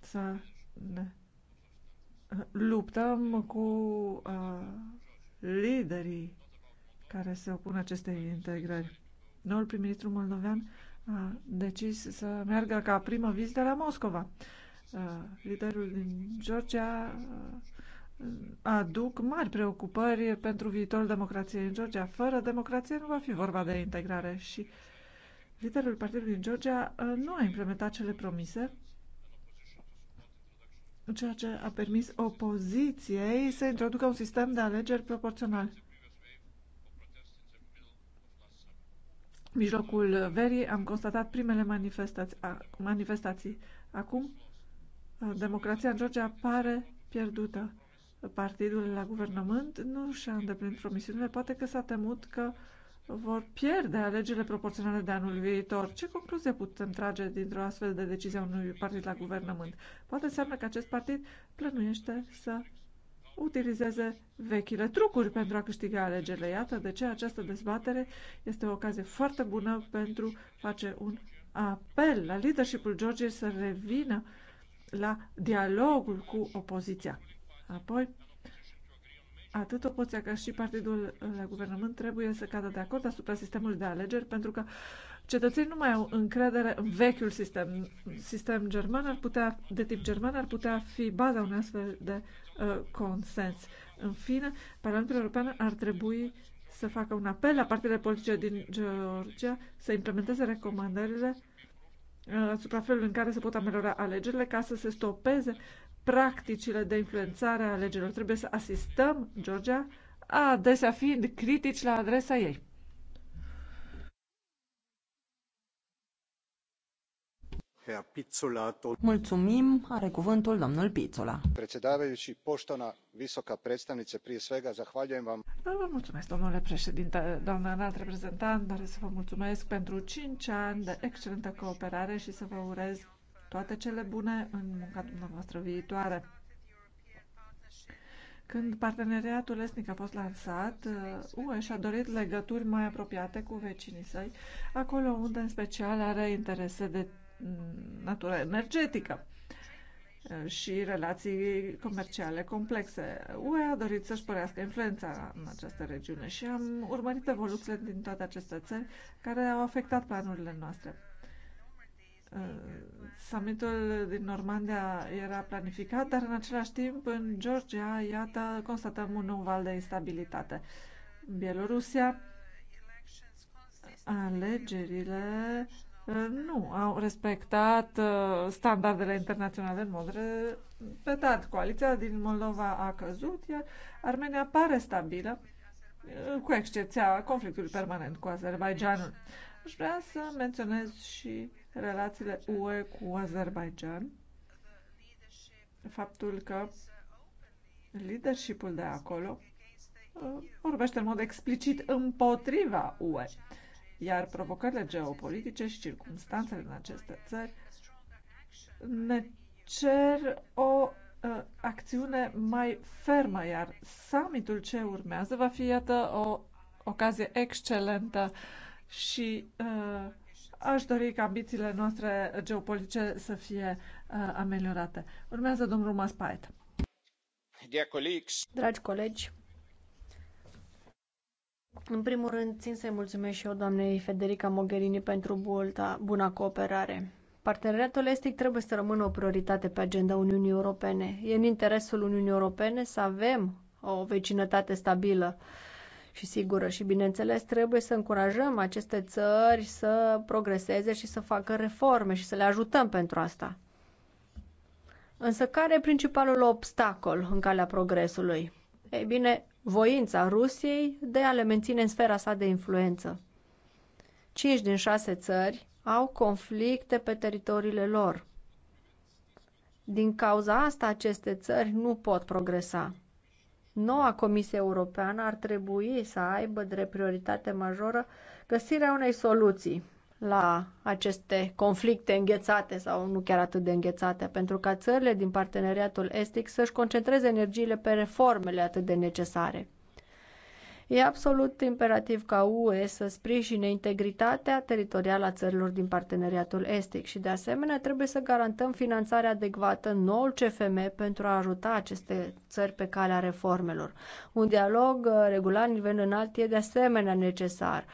să ne luptăm cu uh, liderii care se opun acestei integrări. Noul prim-ministru moldovean a decis să meargă ca primă vizită la Moscova. Uh, liderul din Georgia uh, aduc mari preocupări pentru viitorul democrației în Georgia. Fără democrație nu va fi vorba de integrare și liderul partidului din Georgia uh, nu a implementat cele promise ceea ce a permis opoziției să introducă un sistem de alegeri proporțional. În mijlocul verii am constatat primele manifestații. manifestații. Acum, democrația în Georgia pare pierdută. Partidul la guvernământ nu și-a îndeplinit promisiunile. Poate că s-a temut că uh, vor pierde alegerile proporționale de anul viitor. Ce concluzie putem trage dintr-o astfel de decizie a unui partid la guvernământ? Poate înseamnă că acest partid plănuiește să utilizeze vechile trucuri pentru a câștiga alegerile. Iată de ce această dezbatere este o ocazie foarte bună pentru a face un apel la leadershipul George Georgiei să revină la dialogul cu opoziția. Apoi, atât opoția cât și partidul la guvernământ trebuie să cadă de acord asupra sistemului de alegeri, pentru că cetățenii nu mai au încredere în vechiul sistem. Sistem german ar putea, de tip german ar putea fi baza unui astfel de uh, consens. În fine, Parlamentul European ar trebui să facă un apel la partidele politice din Georgia să implementeze recomandările uh, asupra felului în care se pot ameliora alegerile ca să se stopeze practicile de influențare a alegerilor. Trebuie să asistăm Georgia, adesea fiind critici la adresa ei. Mulțumim. Are cuvântul domnul Pizzola. Predsjedavajući, poștona visoka predstavnice, prije svega zahvaljujem vam. Da, vă mulțumesc, domnule președinte, doamna înalt reprezentant, doresc să vă mulțumesc pentru 5 ani de excelentă cooperare și să vă urez toate cele bune în munca dumneavoastră viitoare. Când parteneriatul estnic a fost lansat, UE uh, și-a dorit legături mai apropiate cu vecinii săi, acolo unde în special are interese de mm, natură energetică uh, și relații comerciale complexe. UE a dorit să-și părească influența în această regiune și am urmărit evoluțiile din toate aceste țări care au afectat planurile noastre. Uh, summitul din Normandia era planificat, dar în același timp în Georgia, iată, constatăm un nou val de instabilitate. Bielorusia, alegerile uh, nu au respectat uh, standardele internaționale în mod repetat. Coaliția din Moldova a căzut, iar Armenia pare stabilă, cu excepția conflictului permanent cu Azerbaijanul. Aș vrea să menționez și relațiile UE cu Azerbaijan, faptul că leadershipul de acolo uh, vorbește în mod explicit împotriva UE, iar provocările geopolitice și circumstanțele în aceste țări ne cer o uh, acțiune mai fermă, iar summitul ce urmează va fi, iată, o ocazie excelentă și uh, Aș dori ca ambițiile noastre geopolitice să fie uh, ameliorate. Urmează domnul Maspait. Dragi colegi, în primul rând, țin să-i mulțumesc și eu doamnei Federica Mogherini pentru bulta, buna cooperare. Parteneriatul estic trebuie să rămână o prioritate pe agenda Uniunii Europene. E în interesul Uniunii Europene să avem o vecinătate stabilă. Uh, și sigură și, bineînțeles, trebuie să încurajăm aceste țări să progreseze și să facă reforme și să le ajutăm pentru asta. Însă care e principalul obstacol în calea progresului? Ei bine, voința Rusiei de a le menține în sfera sa de influență. Cinci din șase țări au conflicte pe teritoriile lor. Din cauza asta, aceste țări nu pot progresa. Noua Comisie Europeană ar trebui să aibă drept prioritate majoră găsirea unei soluții la aceste conflicte înghețate sau nu chiar atât de înghețate, pentru ca țările din parteneriatul estic să-și concentreze energiile pe reformele atât de necesare. E absolut imperativ ca UE să sprijine integritatea teritorială a țărilor din parteneriatul estic și, de asemenea, trebuie să garantăm finanțarea adecvată în noul CFM pentru a ajuta aceste țări pe calea reformelor. Un dialog uh, regulat nivel înalt e de asemenea necesar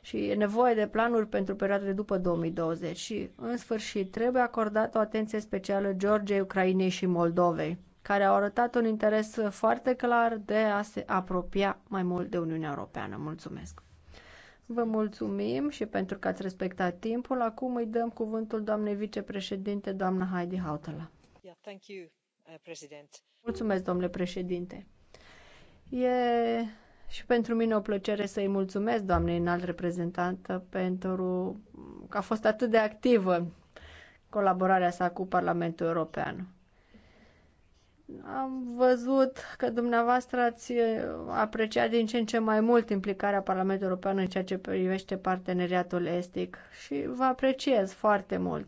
și e nevoie de planuri pentru perioada de după 2020 și, în sfârșit, trebuie acordată o atenție specială Georgiei, Ucrainei și Moldovei care au arătat un interes foarte clar de a se apropia mai mult de Uniunea Europeană. Mulțumesc! Vă mulțumim și pentru că ați respectat timpul. Acum îi dăm cuvântul doamnei vicepreședinte, doamna Heidi Hautala. Yeah, thank you, uh, President. Mulțumesc, domnule președinte. E și pentru mine o plăcere să-i mulțumesc, doamnei înalt reprezentantă, pentru că a fost atât de activă colaborarea sa cu Parlamentul European. Am văzut că dumneavoastră ați apreciat din ce în ce mai mult implicarea Parlamentului European în ceea ce privește parteneriatul estic și vă apreciez foarte mult.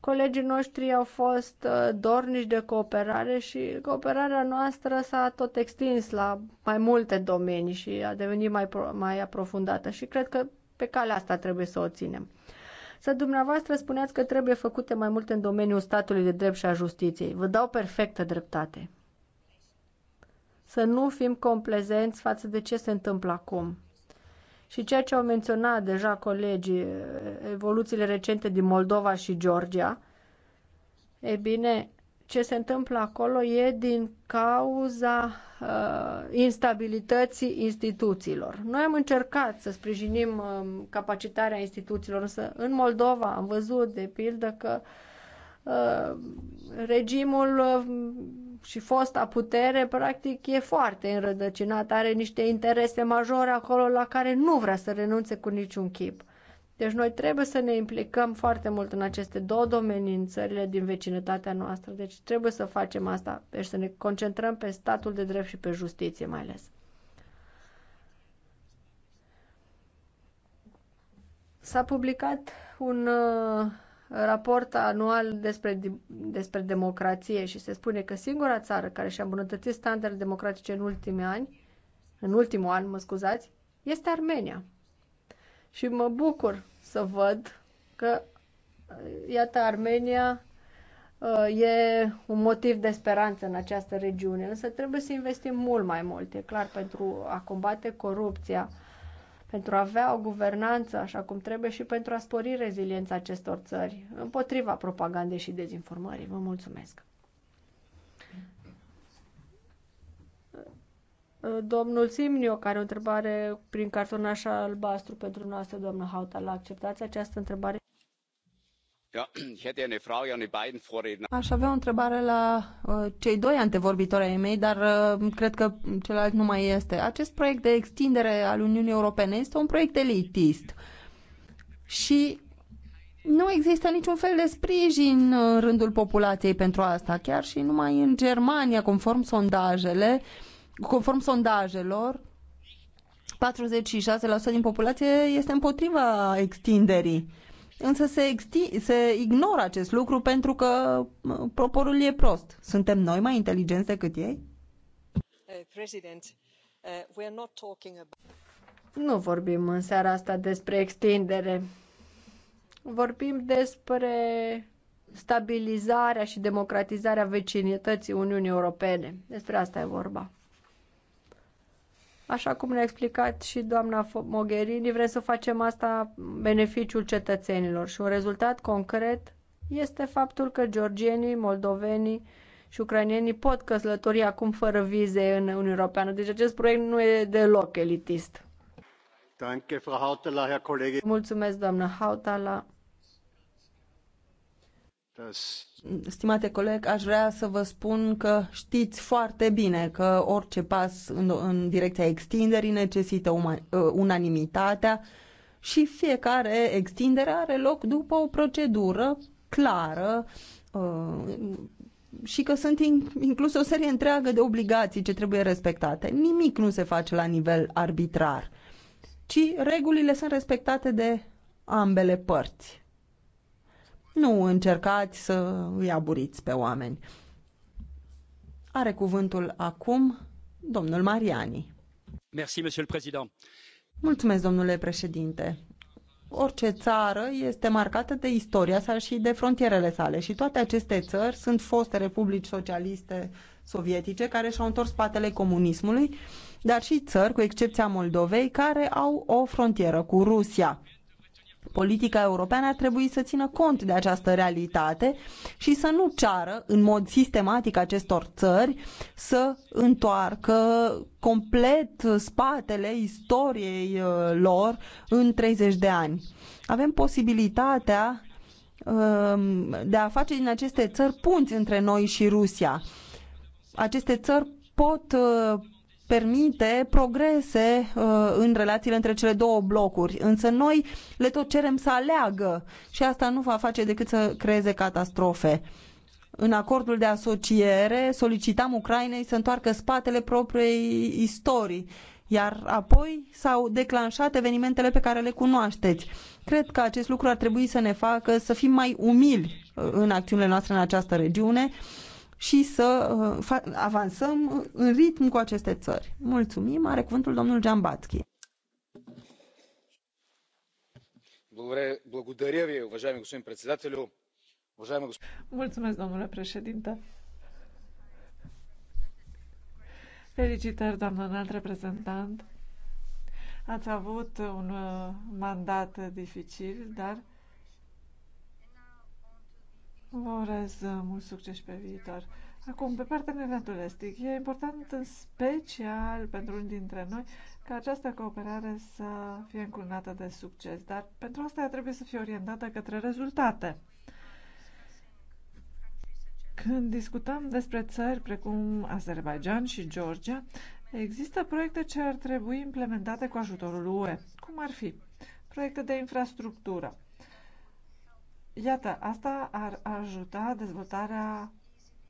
Colegii noștri au fost dornici de cooperare și cooperarea noastră s-a tot extins la mai multe domenii și a devenit mai, mai aprofundată și cred că pe calea asta trebuie să o ținem. Să dumneavoastră spuneați că trebuie făcute mai multe în domeniul statului de drept și a justiției. Vă dau perfectă dreptate. Să nu fim complezenți față de ce se întâmplă acum. Și ceea ce au menționat deja colegii, evoluțiile recente din Moldova și Georgia, e bine, ce se întâmplă acolo e din cauza uh, instabilității instituțiilor. Noi am încercat să sprijinim uh, capacitarea instituțiilor, însă în Moldova am văzut, de pildă, că uh, regimul uh, și fosta putere, practic, e foarte înrădăcinat, are niște interese majore acolo la care nu vrea să renunțe cu niciun chip. Uh, deci noi trebuie să ne implicăm foarte mult în aceste două domenii în țările din vecinătatea noastră. Deci trebuie să facem asta, deci să ne concentrăm pe statul de drept și pe justiție mai ales. S-a publicat un uh, raport anual despre, despre democrație și se spune că singura țară care și-a îmbunătățit standarde democratice în ultimii ani, în ultimul an, mă scuzați, este Armenia. Și mă bucur să văd că, iată, Armenia uh, e un motiv de speranță în această regiune, însă trebuie să investim mult mai mult, e clar, pentru a combate corupția, pentru a avea o guvernanță așa cum trebuie și pentru a spori reziliența acestor țări împotriva propagandei și dezinformării. Vă mulțumesc! Uh, domnul Simniu, care o întrebare prin cartonaș albastru pentru noastră, doamnă Hautala, acceptați această întrebare? Aș avea o întrebare la uh, cei doi antevorbitori ai mei, dar uh, cred că celălalt nu mai este. Acest proiect de extindere al Uniunii Europene este un proiect elitist și nu există niciun fel de sprijin în rândul populației pentru asta. Chiar și numai în Germania, conform sondajele, uh, Conform sondajelor, 46% din populație este împotriva extinderii. Însă se, exti- se ignoră acest lucru pentru că proporul e prost. Suntem noi mai inteligenți decât ei? uh, uh not about... Nu vorbim în seara asta despre extindere. Vorbim despre stabilizarea și democratizarea vecinătății Uniunii Europene. Despre asta e vorba. Așa cum ne-a explicat și doamna Mogherini, vrem să facem asta beneficiul cetățenilor și un rezultat concret este faptul că georgienii, moldovenii și ucrainienii pot căsători acum fără vize în Uniunea Europeană. Deci acest proiect nu e deloc elitist. Mulțumesc, doamna Hautala. Stimate coleg, aș vrea să vă spun că știți foarte bine că orice pas în, în direcția extinderii necesită uh, unanimitatea și fiecare extindere are loc după o procedură clară uh, și că sunt inclus o serie întreagă de obligații ce trebuie respectate. Nimic nu se face la nivel arbitrar, ci regulile sunt respectate de ambele părți. Nu încercați să îi aburiți pe oameni. Are cuvântul acum domnul Mariani. Merci, monsieur le président. Mulțumesc, domnule președinte. Orice țară este marcată de istoria sa și de frontierele sale și toate aceste țări sunt foste republici socialiste sovietice care și-au întors spatele comunismului, dar și țări, cu excepția Moldovei, care au o frontieră cu Rusia. Politica europeană ar trebui să țină cont de această realitate și să nu ceară în mod sistematic acestor țări să întoarcă complet spatele istoriei uh, lor în 30 de ani. Avem posibilitatea um, de a face din aceste țări punți între noi și Rusia. Aceste țări pot uh, permite progrese uh, în relațiile între cele două blocuri, însă noi le tot cerem să aleagă și asta nu va face decât să creeze catastrofe. În acordul de asociere solicitam Ucrainei să întoarcă spatele propriei istorii, iar apoi s-au declanșat evenimentele pe care le cunoașteți. Cred că acest lucru ar trebui să ne facă să fim mai umili uh, în acțiunile noastre în această regiune și să uh, avansăm în ritm cu aceste țări. Mulțumim, are cuvântul domnul Giambatski. Mulțumesc, domnule președinte. Felicitări, doamnă înalt reprezentant. Ați avut un uh, mandat dificil, dar Vă urez uh, mult succes pe viitor. Acum, pe parteneriatul estic, e important în special pentru unii dintre noi ca această cooperare să fie încununată de succes, dar pentru asta ea trebuie să fie orientată către rezultate. Când discutăm despre țări precum Azerbaijan și Georgia, există proiecte ce ar trebui implementate cu ajutorul UE. Cum ar fi? Proiecte de infrastructură, Iată, asta ar ajuta dezvoltarea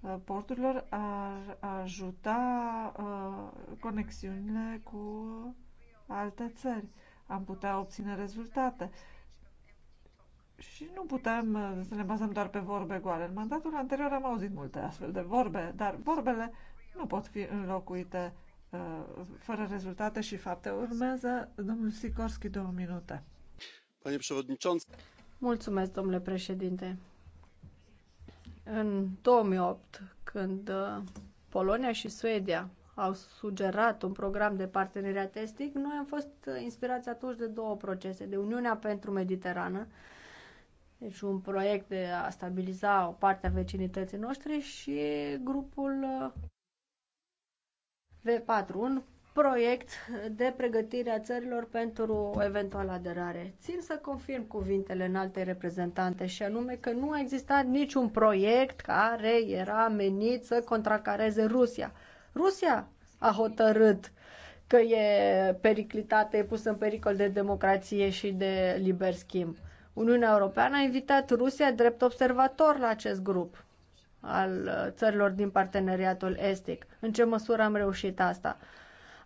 uh, porturilor, ar ajuta uh, conexiunile cu alte țări. Am putea obține rezultate. Și nu putem uh, să ne bazăm doar pe vorbe goale. În mandatul anterior am auzit multe astfel de vorbe, dar vorbele nu pot fi înlocuite fără rezultate și fapte. Urmează domnul Sikorski două minute. Panie przewodniczący. Mulțumesc, domnule președinte. În 2008, când uh, Polonia și Suedia au sugerat un program de parteneriat estic, noi am fost uh, inspirați atunci de două procese, de Uniunea pentru Mediterană, deci un proiect de a stabiliza o parte a vecinității noștri și grupul uh, V4, un proiect de pregătire a țărilor pentru o eventuală aderare. Țin să confirm cuvintele în alte reprezentante și anume că nu a existat niciun proiect care era menit să contracareze Rusia. Rusia a hotărât că e periclitată, e pusă în pericol de democrație și de liber schimb. Uniunea Europeană a invitat Rusia drept observator la acest grup al uh, țărilor din parteneriatul estic. În ce măsură am reușit asta?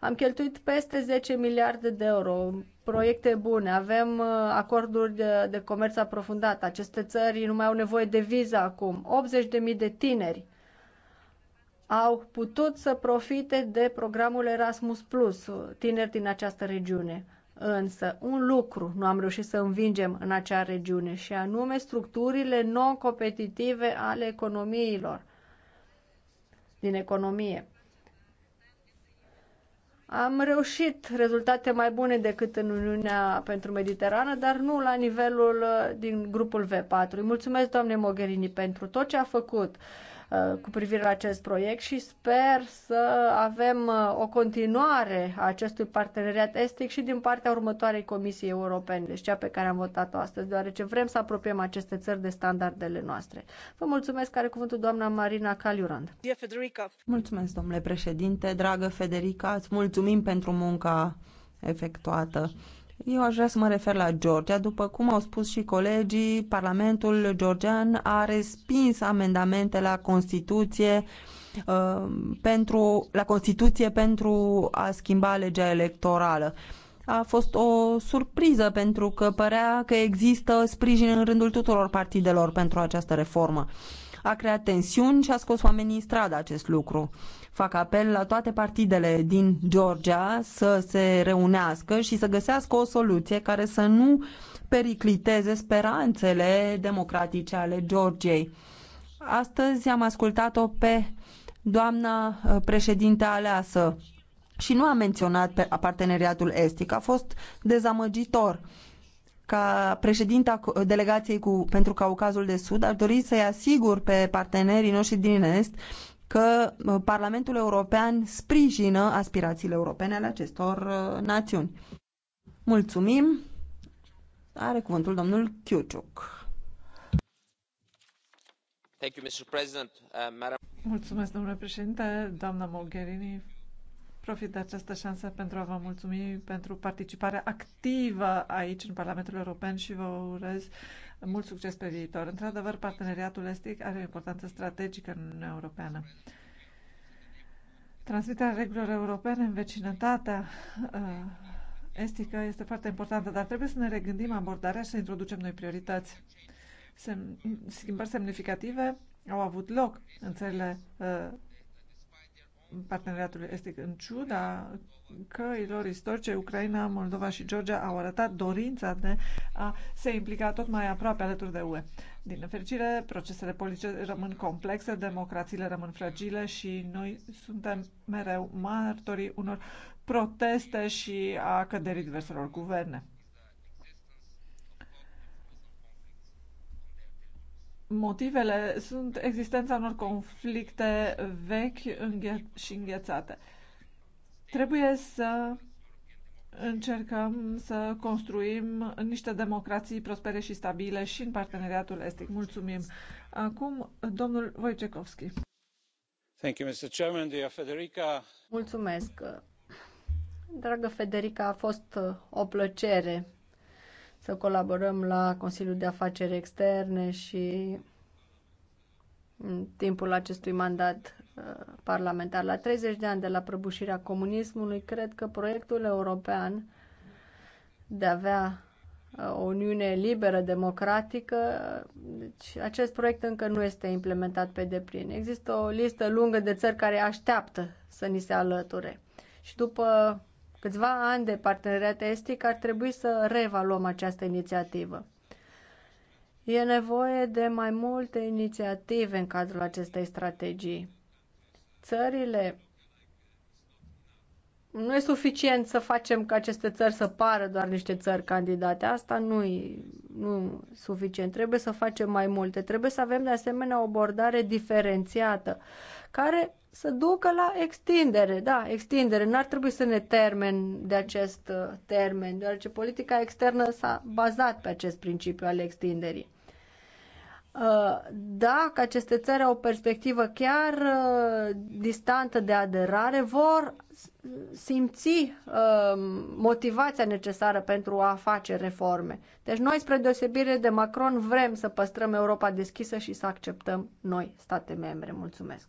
Am cheltuit peste 10 miliarde de euro, proiecte bune, avem uh, acorduri de, de comerț aprofundat. Aceste țări nu mai au nevoie de viză acum. 80.000 de tineri au putut să profite de programul Erasmus Plus, tineri din această regiune. Însă, un lucru nu am reușit să învingem în acea regiune, și anume structurile non-competitive ale economiilor din economie. Am reușit rezultate mai bune decât în Uniunea pentru Mediterană, dar nu la nivelul uh, din grupul V4. Îi mulțumesc, doamne Mogherini, pentru tot ce a făcut cu privire la acest proiect și sper să avem uh, o continuare a acestui parteneriat estic și din partea următoarei Comisii Europene, deci cea pe care am votat-o astăzi, deoarece vrem să apropiem aceste țări de standardele noastre. Vă mulțumesc, care cuvântul doamna Marina Caliurand. Mulțumesc, domnule președinte, dragă Federica, îți mulțumim pentru munca efectuată. Eu aș vrea să mă refer la Georgia. După cum au spus și colegii, Parlamentul georgian a respins amendamente la Constituție uh, pentru, la Constituție pentru a schimba legea electorală. A fost o surpriză pentru că părea că există sprijin în rândul tuturor partidelor pentru această reformă. Uh, a creat tensiuni și a scos oamenii în stradă acest lucru. Fac apel la toate partidele din Georgia să se reunească și să găsească o soluție care să nu pericliteze speranțele democratice ale Georgiei. Astăzi am ascultat-o pe doamna uh, președinte aleasă și nu a menționat parteneriatul estic. A fost dezamăgitor ca președinta delegației cu, pentru Caucazul de Sud, aș dori să-i asigur pe partenerii noștri din Est că uh, Parlamentul European sprijină aspirațiile europene ale acestor uh, națiuni. Mulțumim! Are cuvântul domnul Chiuciuc. Uh, Mulțumesc, domnule președinte, doamna Mogherini, profit de această șansă pentru a vă mulțumi pentru participarea activă aici în Parlamentul European și vă urez mult succes pe viitor. Într-adevăr, parteneriatul estic are o importanță strategică în Uniunea Europeană. Transmiterea regulilor europene în vecinătatea uh, estică este foarte importantă, dar trebuie să ne regândim abordarea și să introducem noi priorități. Sem- schimbări semnificative au avut loc în țările uh, parteneriatului estic. În ciuda căilor istorice, Ucraina, Moldova și Georgia au arătat dorința de a se implica tot mai aproape alături de UE. Din nefericire, procesele politice rămân complexe, democrațiile rămân fragile și noi suntem mereu martorii unor proteste și a căderii diverselor guverne. Motivele sunt existența unor conflicte vechi înghe- și înghețate. Trebuie să încercăm să construim niște democrații prospere și stabile și în parteneriatul estic. Mulțumim. Acum, domnul Wojciechowski. Thank you, Mr. Chairman. Dear Federica. Mulțumesc. Dragă Federica, a fost uh, o plăcere să colaborăm la Consiliul de Afaceri Externe și în timpul acestui mandat uh, parlamentar. La 30 de ani de la prăbușirea comunismului, cred că proiectul european de a avea uh, o Uniune liberă, democratică, deci acest proiect încă nu este implementat pe deplin. Există o listă lungă de țări care așteaptă să ni se alăture. Și după câțiva ani de parteneriat estic ar trebui să reevaluăm această inițiativă. E nevoie de mai multe inițiative în cadrul acestei strategii. Țările nu e suficient să facem ca aceste țări să pară doar niște țări candidate. Asta nu e nu suficient. Trebuie să facem mai multe. Trebuie să avem de asemenea o abordare diferențiată. Uh, care să ducă la extindere, da, extindere. N-ar trebui să ne termen de acest uh, termen, deoarece politica externă s-a bazat pe acest principiu al extinderii. Uh, dacă aceste țări au o perspectivă chiar uh, distantă de aderare, vor simți motivația necesară pentru a face reforme. Deci noi, spre deosebire de Macron, vrem să păstrăm Europa deschisă și să acceptăm noi state membre. Mulțumesc!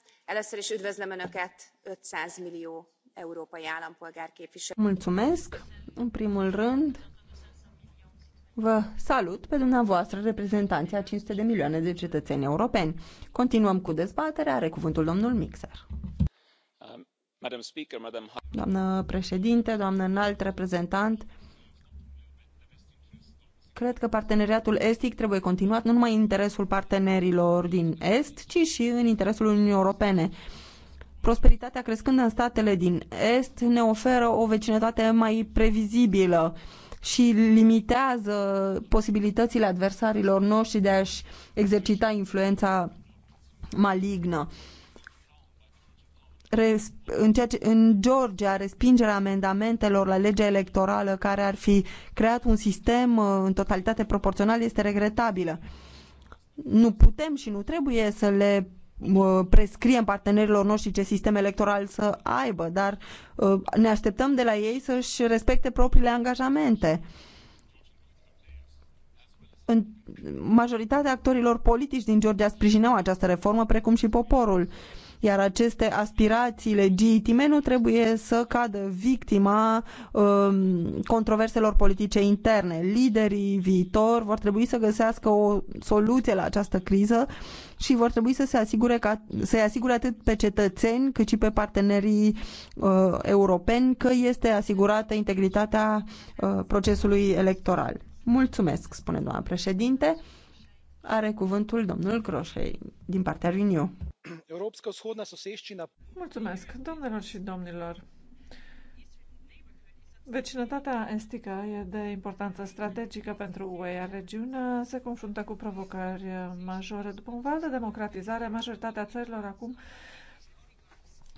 először is üdvözlöm önöket five millió európai állampolgár Mulțumesc. În primul rând, vă salut pe dumneavoastră, reprezentanții a 500 de milioane de cetățeni europeni. Continuăm cu dezbaterea. Are cuvântul domnul Mixer. Um, doamnă președinte, doamnă înalt reprezentant, Cred că parteneriatul estic trebuie continuat nu numai în interesul partenerilor din Est, ci și în interesul Uniunii Europene. Prosperitatea crescând în statele din Est ne oferă o vecinătate mai previzibilă și limitează posibilitățile adversarilor noștri de a-și exercita influența malignă. Uh, în, ce, în Georgia respingerea amendamentelor la legea electorală care ar fi creat un sistem uh, în totalitate proporțional este regretabilă. Nu putem și nu trebuie să le uh, prescriem partenerilor noștri ce sistem electoral să aibă, dar uh, ne așteptăm de la ei să-și respecte propriile angajamente. În majoritatea actorilor politici din Georgia sprijineau această reformă, precum și poporul. Uh, iar aceste aspirații legitime nu trebuie să cadă victima um, controverselor politice interne. Liderii viitor vor trebui să găsească o soluție la această criză și vor trebui să se asigure ca, să asigure atât pe cetățeni cât și pe partenerii uh, europeni că este asigurată integritatea uh, procesului electoral. Mulțumesc, spune doamna președinte. Are cuvântul domnul Croșei din partea Renew. Mulțumesc, domnilor și domnilor. Vecinătatea estică e de importanță strategică pentru UE, regiunea se confruntă cu provocări majore. După un val de democratizare, majoritatea țărilor acum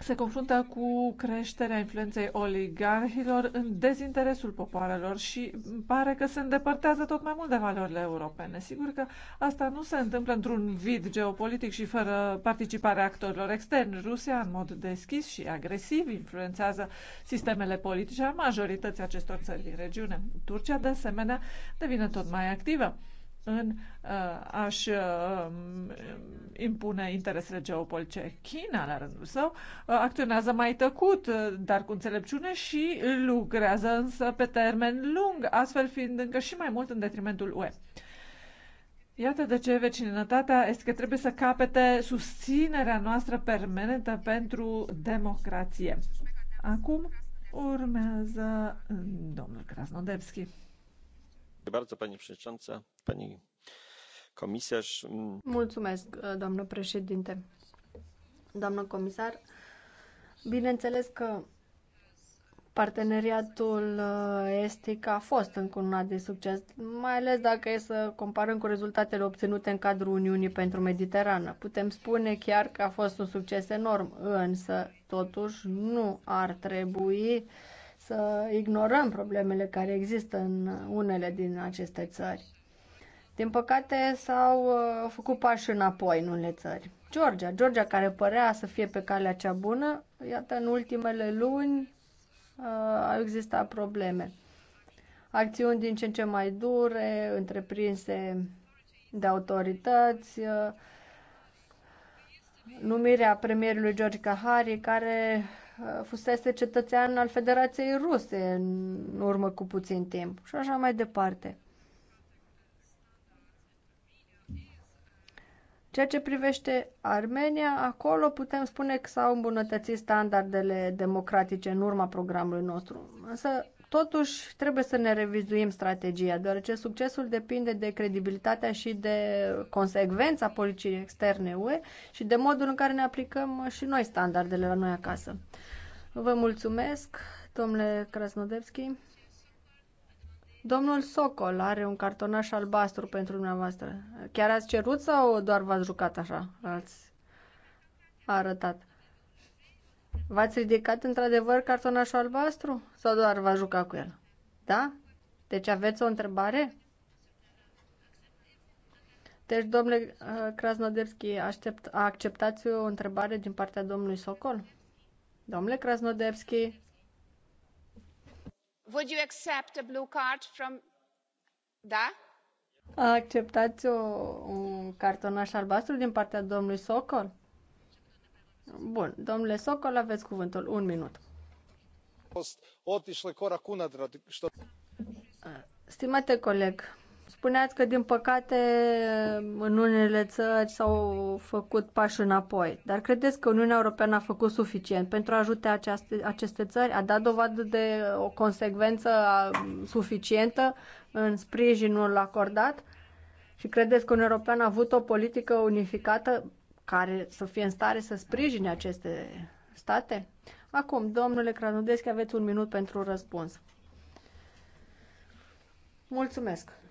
se confruntă cu creșterea influenței oligarhilor în dezinteresul popoarelor și pare că se îndepărtează tot mai mult de valorile europene. Sigur că asta nu se întâmplă într-un vid geopolitic și fără participarea actorilor externi. Rusia, în mod deschis și agresiv, influențează sistemele politice a majorității acestor țări din regiune. Turcia, de asemenea, devine tot mai activă în uh, a-și uh, um, impune interesele geopolitice. China, la rândul său, uh, acționează mai tăcut, uh, dar cu înțelepciune și lucrează însă pe termen lung, astfel fiind încă și mai mult în detrimentul UE. Iată de ce vecinătatea este că trebuie să capete susținerea noastră permanentă pentru democrație. Acum urmează uh, domnul Krasnodevski doamnă președintă comisar... președinte. Doamnă comisar, bineînțeles că parteneriatul estic a fost încă una de succes, mai ales dacă e să comparăm cu rezultatele obținute în cadrul Uniunii pentru Mediterană. Putem spune chiar că a fost un succes enorm, însă totuși nu ar trebui uh, să ignorăm problemele care există în unele din aceste țări. Din păcate, s-au uh, făcut pași înapoi în unele țări. Georgia, Georgia care părea să fie pe calea cea bună, iată, în ultimele luni uh, au existat probleme. Acțiuni din ce în ce mai dure, întreprinse de autorități, uh, numirea premierului George Kahari, care Uh, fusese cetățean al Federației Ruse în urmă cu puțin timp și așa mai departe. Ceea ce privește Armenia, acolo putem spune că s-au îmbunătățit standardele democratice în urma programului nostru. Însă Totuși, trebuie să ne revizuim strategia, deoarece succesul depinde de credibilitatea și de consecvența politicii externe UE și de modul în care ne aplicăm și noi standardele la noi acasă. Vă mulțumesc, domnule Krasnodebski. Domnul Socol are un cartonaș albastru pentru dumneavoastră. Chiar ați cerut sau doar v-ați jucat așa? Ați arătat. V-ați ridicat într-adevăr cartonașul albastru sau doar va juca cu el? Da? Deci aveți o întrebare? Deci, domnule uh, Krasnodevski, aștept, acceptați o întrebare din partea domnului Socol? Domnule Krasnodevski? Would you accept a blue card from... Da? Acceptați o, un cartonaș albastru din partea domnului Socol? Bun, domnule Socol, aveți cuvântul. Un minut. Stimate coleg, spuneați că, din păcate, în unele țări s-au făcut pași înapoi. Dar credeți că Uniunea Europeană a făcut suficient pentru a ajuta aceaste, aceste țări? A dat dovadă de o consecvență suficientă în sprijinul acordat? Și credeți că Uniunea Europeană a avut o politică unificată care să fie în stare să sprijine aceste state? Acum, domnule Cranudeschi, aveți un minut pentru răspuns. Mulțumesc.